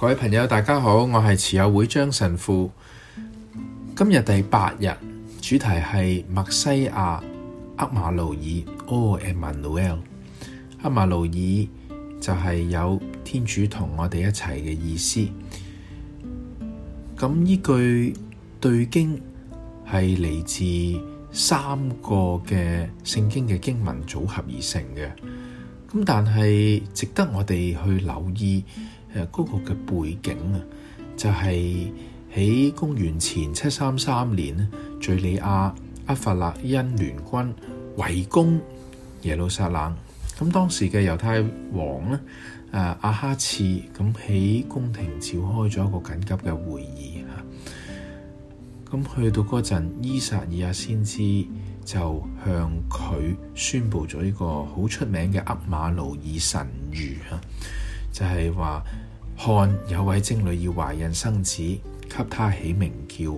各位朋友，大家好，我係慈幼會張神父。今日第八日，主題係默西亞厄瑪奴耳 （O Emmanuel）。厄瑪奴耳就係有天主同我哋一齊嘅意思。咁呢句對經係嚟自三個嘅聖經嘅經文組合而成嘅。咁但係值得我哋去留意。誒嗰嘅背景啊，就係喺公元前七三三年咧，敘利亞厄弗辣因聯軍圍攻耶路撒冷。咁當時嘅猶大王咧，阿哈次咁喺宮廷召開咗一個緊急嘅會議。咁去到嗰陣，依撒意亞先知就向佢宣佈咗一個好出名嘅厄瑪奴耳神諭啊。就係、是、話，看，有位貞女要懷孕生子，給他起名叫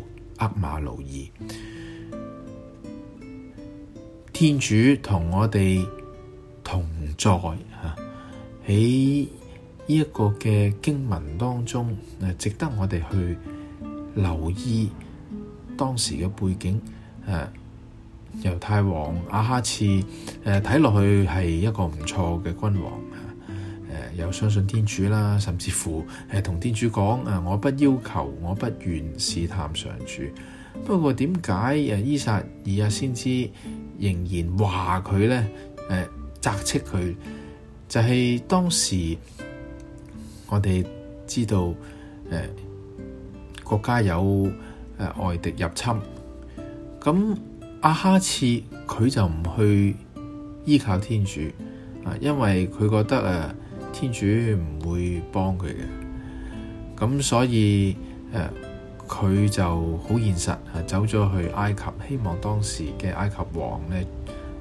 厄瑪奴耳。天主同我哋同在吓，喺呢一個嘅經文當中，誒，值得我哋去留意當時嘅背景。誒、啊，猶太王阿、啊、哈次誒，睇、啊、落去係一個唔錯嘅君王。有相信天主啦，甚至乎誒，同天主講啊，我不要求，我不願試探上主。不過點解誒？依撒意亞先知仍然話佢咧誒，責斥佢就係、是、當時我哋知道誒，國家有誒外敵入侵，咁阿哈次佢就唔去依靠天主啊，因為佢覺得誒。天主唔會幫佢嘅，咁所以誒佢、啊、就好現實，係、啊、走咗去埃及，希望當時嘅埃及王咧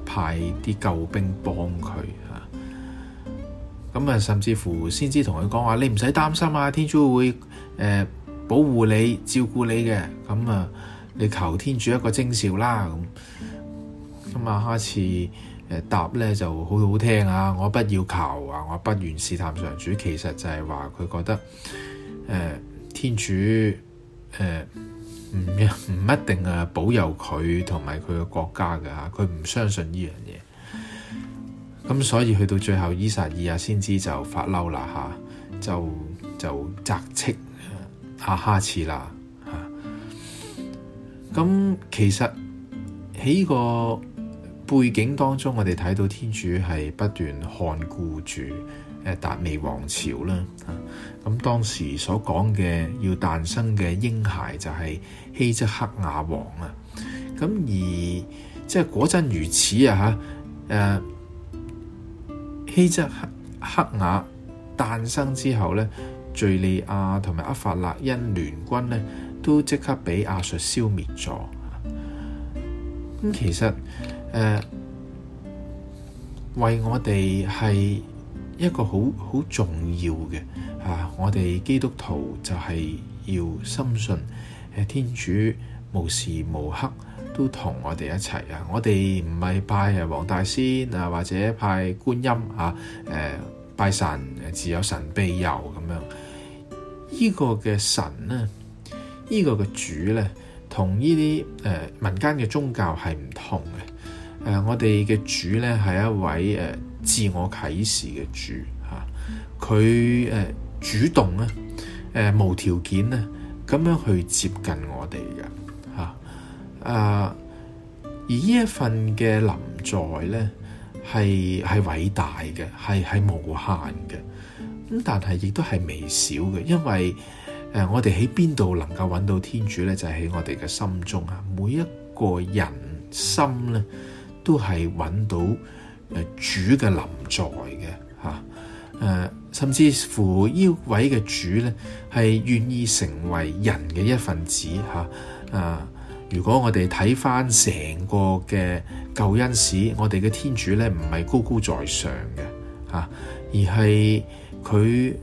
派啲救兵幫佢吓。咁啊，啊，啊，甚至乎先知同佢講話，你唔使擔心啊，天主會誒、呃、保護你、照顧你嘅。咁啊，啊，你求天主一個徵兆啦。咁咁啊，開、啊、始。啊答咧就好好聽啊！我不要求啊，我不願試探上主。其實就係話佢覺得誒、呃、天主誒唔唔一定啊保佑佢同埋佢嘅國家㗎嚇，佢唔相信呢樣嘢。咁所以去到最後，依撒意亞啊先知就發嬲啦嚇，就就責斥阿、啊、哈次啦嚇。咁、啊、其實喺依、這個。背景當中，我哋睇到天主係不斷看顧住誒達味王朝啦。咁當時所講嘅，要誕生嘅嬰孩就係希則克雅王啊。咁而即係果真如此啊嚇，誒希則克克雅誕生之後咧，敍利亞同埋厄弗辣因聯軍咧都即刻俾亞述消滅咗。咁、嗯、其實。誒，為我哋係一個好好重要嘅我哋基督徒就係要深信誒天主無時無刻都同我哋一齊啊。我哋唔係拜啊王大仙啊，或者拜觀音拜神誒自有神庇佑咁樣。呢、這個嘅神咧，依、這個嘅主咧，同呢啲民間嘅宗教係唔同嘅。誒、呃，我哋嘅主咧係一位誒、呃、自我啟示嘅主嚇，佢、啊、誒、呃、主動啊，誒、呃、無條件啊，咁樣去接近我哋嘅嚇啊，而這呢一份嘅臨在咧係係偉大嘅，係係無限嘅，咁但係亦都係微小嘅，因為誒、呃、我哋喺邊度能夠揾到天主咧？就喺、是、我哋嘅心中啊，每一個人心咧。都係揾到誒主嘅臨在嘅嚇誒，甚至乎這位的呢位嘅主咧係願意成為人嘅一份子嚇啊！如果我哋睇返成個嘅救恩史，我哋嘅天主咧唔係高高在上嘅嚇、啊，而係佢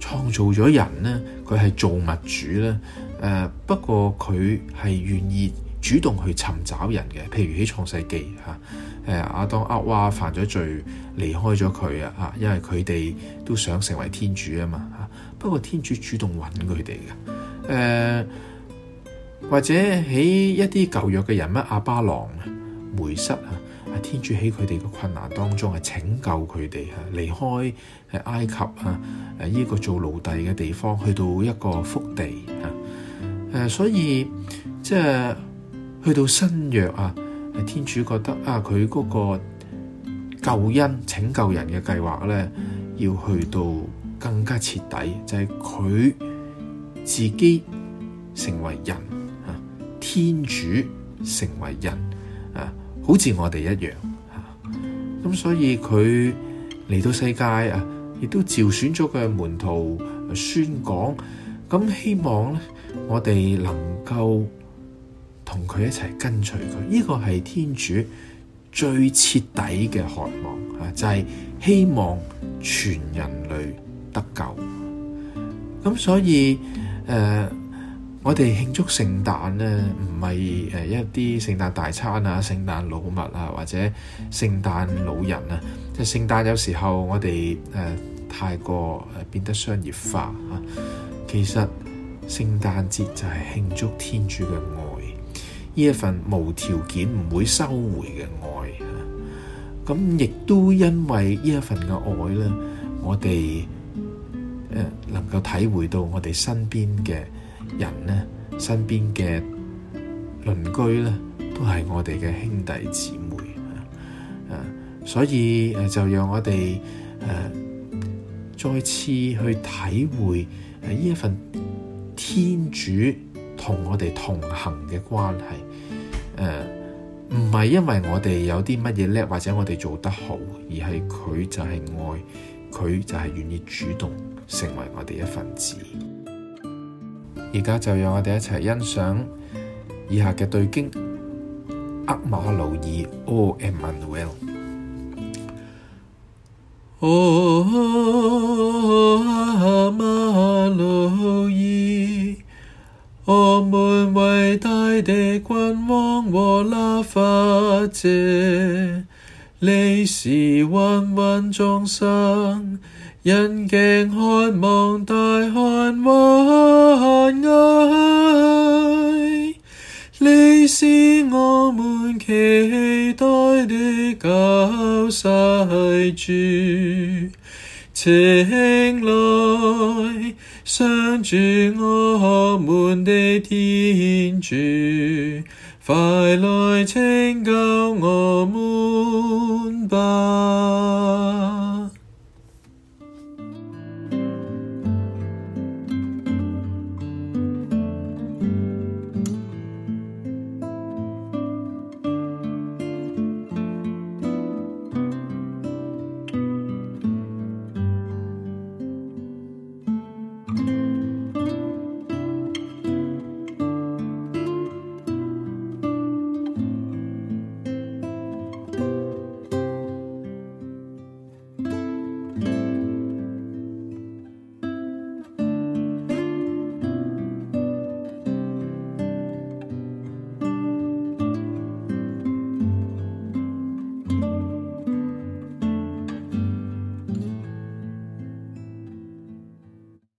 創造咗人咧，佢係造物主咧誒、啊，不過佢係願意。主動去尋找人嘅，譬如喺創世紀嚇，誒、啊、亞當厄娃犯咗罪，離開咗佢啊，嚇，因為佢哋都想成為天主啊嘛嚇。不過天主主動揾佢哋嘅誒，或者喺一啲舊約嘅人物，亞巴郎、梅瑟，啊，天主喺佢哋嘅困難當中係拯救佢哋啊，離開喺埃及啊，誒、啊、呢、這個做奴隸嘅地方，去到一個福地啊。誒，所以即係。啊去到新約啊，天主覺得啊，佢嗰個救恩拯救人嘅計劃咧，要去到更加徹底，就係、是、佢自己成為人啊，天主成為人啊，好似我哋一樣。咁、啊、所以佢嚟到世界啊，亦都召選咗佢嘅門徒宣講，咁希望咧，我哋能夠。同佢一齊跟隨佢，呢個係天主最徹底嘅渴望啊，就係希望全人類得救。咁所以誒我哋慶祝聖誕咧，唔係誒一啲聖誕大餐啊、聖誕老物啊，或者聖誕老人啊。即係聖誕有時候我哋誒太過誒變得商業化啊。其實聖誕節就係慶祝天主嘅愛。呢一份無條件，唔會收回嘅愛，咁亦都因為呢一份嘅愛咧，我哋誒能夠體會到我哋身邊嘅人咧，身邊嘅鄰居咧，都係我哋嘅兄弟姊妹啊！所以就讓我哋誒再次去體會誒呢一份天主同我哋同行嘅關係，誒、呃，唔係因為我哋有啲乜嘢叻或者我哋做得好，而係佢就係愛，佢就係願意主動成為我哋一份子。而家就讓我哋一齊欣賞以下嘅對經，厄瑪奴耳，O Emmanuel。我們偉大的君王和立法者，你是芸芸眾生引頸渴望大旱雲霓，你是我們期待的救世主。請來，上主，我們的天主，快來拯救我們吧！